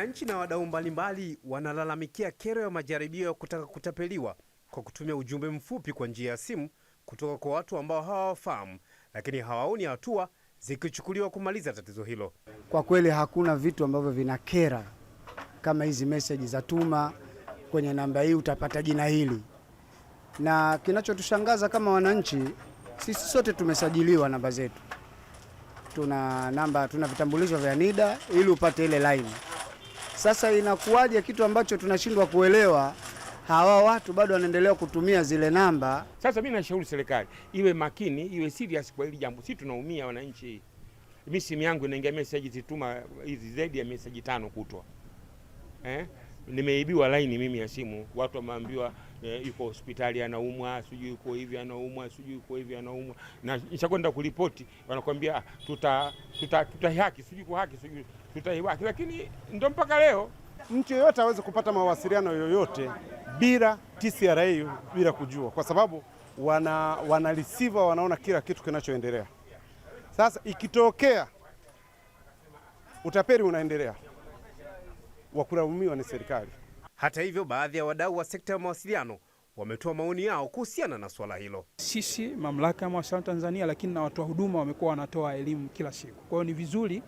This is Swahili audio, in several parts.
Wananchi na wadau mbalimbali wanalalamikia kero ya majaribio ya kutaka kutapeliwa kwa kutumia ujumbe mfupi kwa njia ya simu kutoka kwa watu ambao hawawafahamu, lakini hawaoni hatua zikichukuliwa kumaliza tatizo hilo. Kwa kweli hakuna vitu ambavyo vinakera kama hizi meseji za tuma kwenye namba hii utapata jina hili, na kinachotushangaza kama wananchi, sisi sote tumesajiliwa namba zetu, tuna namba, tuna vitambulisho vya NIDA ili upate ile laini sasa inakuwaje kitu ambacho tunashindwa kuelewa? Hawa watu bado wanaendelea kutumia zile namba. Sasa mimi nashauri serikali iwe makini, iwe serious kwa hili jambo. si tunaumia wananchi. Mimi simu yangu inaingia message zituma hizi zaidi ya message tano kutwa eh? nimeibiwa laini mimi ya simu, watu wameambiwa e, yuko hospitali anaumwa, sijui yuko hivi anaumwa, sijui yuko hivi anaumwa, na nishakwenda kuripoti, wanakwambia ah, tuta tuta haki sijui kwa haki, sijui haki, lakini ndo mpaka leo mtu yeyote aweze kupata mawasiliano yoyote bila TCRA, bila kujua, kwa sababu wana wanarisiva, wanaona kila kitu kinachoendelea. Sasa ikitokea utapeli unaendelea wa kulaumiwa ni serikali. Hata hivyo, baadhi ya wadau wa sekta ya mawasiliano wametoa maoni yao kuhusiana na swala hilo. Sisi mamlaka ya mawasiliano Tanzania, lakini na watoa huduma wamekuwa wanatoa elimu kila siku, kwa hiyo ni vizuri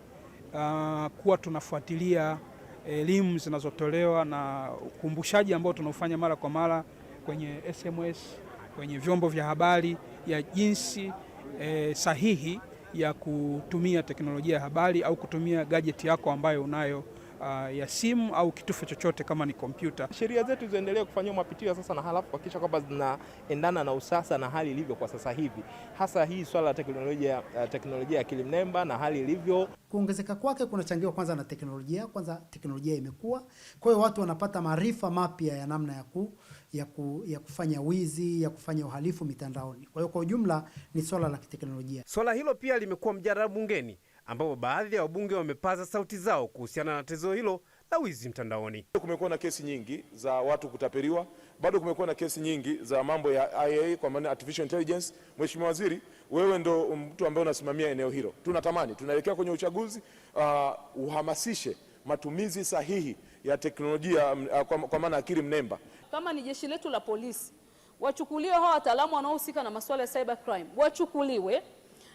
uh, kuwa tunafuatilia elimu zinazotolewa na ukumbushaji ambao tunaofanya mara kwa mara kwenye SMS, kwenye vyombo vya habari ya jinsi eh, sahihi ya kutumia teknolojia ya habari au kutumia gajeti yako ambayo unayo uh, ya simu au kitufe chochote kama ni kompyuta. Sheria zetu ziendelee kufanyiwa mapitio sasa, na halafu kuhakikisha kwamba zinaendana na usasa na hali ilivyo kwa sasa hivi, hasa hii swala la teknolojia, uh, teknolojia ya akili mnemba na hali ilivyo. Kuongezeka kwake kunachangiwa kwanza na teknolojia. Kwanza teknolojia imekuwa, kwa hiyo watu wanapata maarifa mapya ya namna ya ku ya, ku, ya kufanya wizi ya kufanya uhalifu mitandaoni. Kwa hiyo kwa ujumla ni swala la kiteknolojia. Swala hilo pia limekuwa mjadala bungeni ambapo baadhi ya wabunge wamepaza sauti zao kuhusiana na tatizo hilo la wizi mtandaoni. Kumekuwa na kesi nyingi za watu kutapeliwa, bado kumekuwa na kesi nyingi za mambo ya IA kwa maana artificial intelligence. Mheshimiwa Waziri, wewe ndo mtu ambaye unasimamia eneo hilo, tunatamani tunaelekea kwenye uchaguzi uh, uhamasishe matumizi sahihi ya teknolojia mm, uh, kwa, kwa maana akili mnemba. Kama ni jeshi letu la polisi, wachukuliwe hao wataalamu wanaohusika na masuala ya cyber crime, wachukuliwe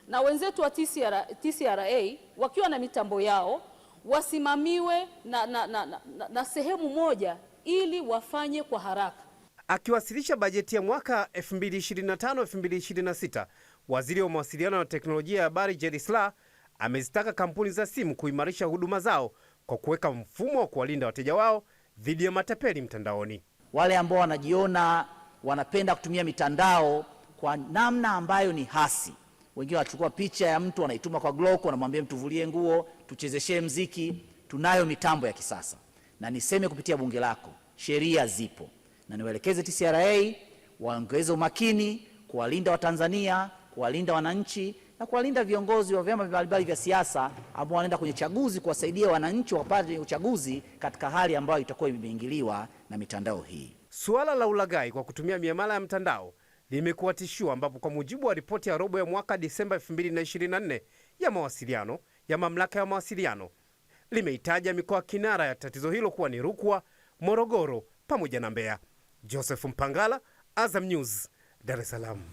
na wenzetu wa TCRA, TCRA wakiwa na mitambo yao wasimamiwe na, na, na, na, na sehemu moja ili wafanye kwa haraka. Akiwasilisha bajeti ya mwaka 2025-2026, Waziri wa Mawasiliano na Teknolojia ya Habari Jerry Silaa amezitaka kampuni za simu kuimarisha huduma zao kwa kuweka mfumo wa kuwalinda wateja wao dhidi ya matapeli mtandaoni. Wale ambao wanajiona wanapenda kutumia mitandao kwa namna ambayo ni hasi wengine wanachukua picha ya mtu wanaituma kwa Glock, wanamwambia mtuvulie nguo, tuchezeshee mziki. Tunayo mitambo ya kisasa, na niseme kupitia bunge lako, sheria zipo, na niwaelekeze TCRA waongeze umakini kuwalinda Watanzania, kuwalinda wananchi na kuwalinda viongozi wa vyama mbalimbali vya siasa ambao wanaenda kwenye chaguzi, kuwasaidia wananchi wapate uchaguzi katika hali ambayo itakuwa imeingiliwa na mitandao hii. Suala la ulaghai kwa kutumia miamala ya mtandao limekuwa tishio, ambapo kwa mujibu wa ripoti ya robo ya mwaka Disemba 2024 ya mawasiliano ya mamlaka ya mawasiliano limeitaja mikoa kinara ya tatizo hilo kuwa ni Rukwa, Morogoro pamoja na Mbeya. Joseph Mpangala, Azam News, Dar es Salaam.